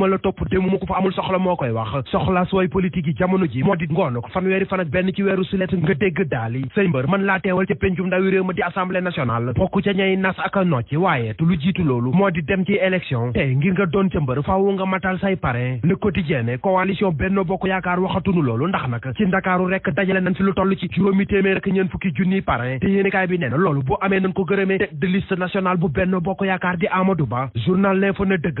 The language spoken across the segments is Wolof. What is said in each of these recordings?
ma la topp te mu ma ko fa amul soxla moo koy wax soxla sooy politique yi jamono ji moo di ngoon fanweeri fan ak benn ci weeru sulet nga dégg daal yi sëy mbër man laa teewal ca péncum ndawi réew ma di assemblée nationale bokk ca ñay nas ak a nocc waaye lu jiitu loolu moo di dem ci élection tey ngir nga doon ca mbër faaw nga matal say parrain le quotidien ne coalition Benno Bokk Yaakaar waxatunu loolu ndax nag ci ndakaaru rek dajale nañ fi lu toll Ba journal L'Info ne dëgg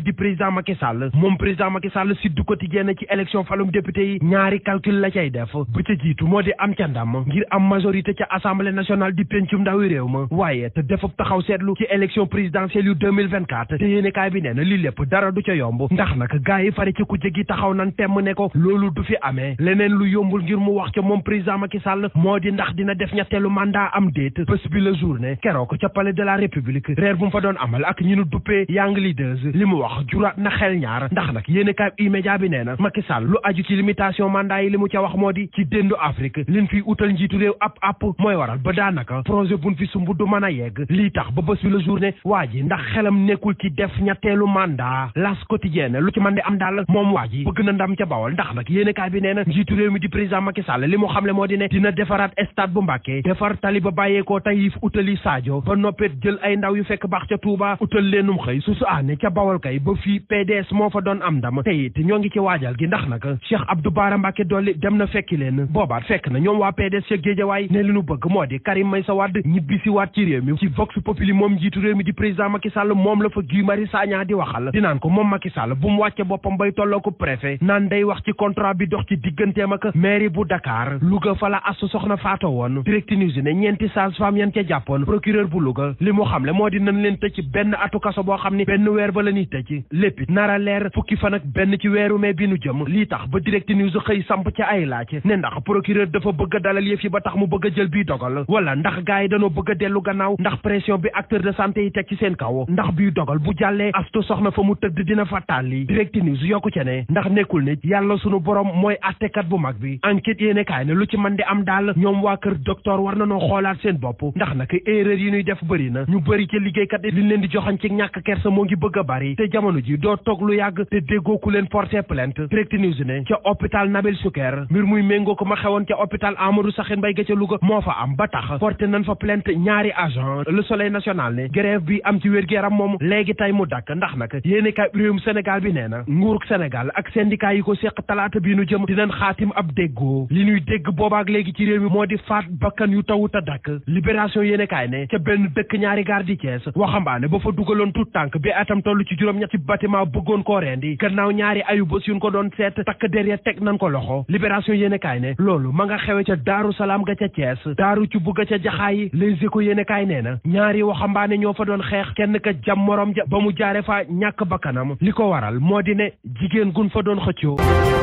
di président Macky moom président Macky si du quotidien ci élection falum député yi ñaari calcul la cay def bu ca jiitu moo di am ca ndam ngir am majorité ca assemblée nationale di pencum ndawi réew ma waaye te defab taxaw seetlu ci élection présidentielle yu 2024 te yéenekaay bi nee na lii lépp dara du ca yomb ndax nag gaa yi fari ci ku jëgi taxaw nan temm ne ko loolu du fi amee leneen lu yombul ngir mu wax ca moom président Macky Sall moo di ndax dina def ñetteelu mandat am déet bés bi la journée wax juraat na xel ndax nag yéen i kaay immédiat e bi nee na Macky Sall lu aju ci limitation mandat yi li wax moo di ci déndu Afrique liñ fiy utal njiitu réew ab app mooy waral sumb du mën a yegg lii tax ba bés bi la journée waa ji ndax xelam nekkul ci def ñetteelu mandat las quotidienne lu ci mën di am daal moom waa ji bëgg na ndam ca bawal ndax nag yéen i kaay bi nee na njiitu réew mi di président Macky Sall li mu xamle moo di ne dina defaraat stade bu Mbàkke defar tali ba bàyyeekoo tayif utali Sadio ba noppet jël ay ndaw yu fekk baax ca Touba utal leenum xëy susu aane ca bawal kay tey ba fii PDS moo fa doon am ndam tey it ñoo ngi ci waajal gi ndax nag Cheikh Abdou Bara Mbacke dolli dem na fekki leen boobaat fekk na ñoom waa PDS ca Géejawaay ne li ñu bëgg moo di Karim Meïssa Wade ñibbisi waat ci réew mi ci Vox Populi moom njiitu réew mi di président Macky Sall moom la fa Guy Marius di waxal dinaan ko moom Macky Sall bu mu wàcce boppam bay tolloo ko naan day wax ci contrat bi dox ci digganteem ak mairie bu Dakar la asu soxna faato woon Direct na ci léppit nara leer fukki fan ak benn ci weeru mai bi nu jëm lii tax ba direct news xëy samp ca ay laaj ne ndax procureur dafa bëgg a dalal yëf yi ba tax mu bëgg a jël bii dogal wala ndax gars yi dañoo bëgg a dellu gannaaw ndax pression bi acteur de santé yi teg ci seen kaw ndax bii dogal bu jàllee astu soxna fa mu tëdd dina fa tàlli direct news yokku ca ne ndax nekkul ne yàlla sunu borom mooy attekat bu mag bi enquête yéene kaay ne lu ci mën di am da ñoom waa kër docteur war na noo xoolaat seen bopp ndax nag erreur yi ñuy def bëri na ñu bëri ca liggéeykat yi liñ leen di joxañ ci ñàkk kersa moo jamono ji doo toog lu yàgg te déggoo ku leen porté plainte direct news ne ca hôpital Nabil Souker mbir muy méngoo ko ma xewoon ca hôpital Amadou Sakhir Mbaye ga ca moo fa am ba tax porté nañ fa plainte ñaari agent le soleil national ne grève bi am ci wér-gu-yaram moom léegi tey mu dakk ndax nag yéene kaay réewum Sénégal bi nee na nguurug Sénégal ak syndicat yi ko séq talaata bii nu jëm dinañ xaatim ab déggoo li ñuy dégg boobaak léegi ci réew mi moo di faat bakkan yu tawut a dakk libération yéene kaay dëkk ñaari gaar juróom-ñetti bâtiment bëggoon koo rendi gannaaw ñaari ayu bés yuñ ko doon seet takk derrière teg nan ko loxo libération yéene kaay ne loolu ma nga xewe ca daaru salaam ga ca Thiès daaru ci bugga ca jaxaay les échos yéene kaay nee na ñaari waxambaane ñoo fa doon xeex kenn ka jam morom ja ba mu jaare fa ñàkk bakkanam li ko waral moo di ne jigéen gun fa doon xëccoo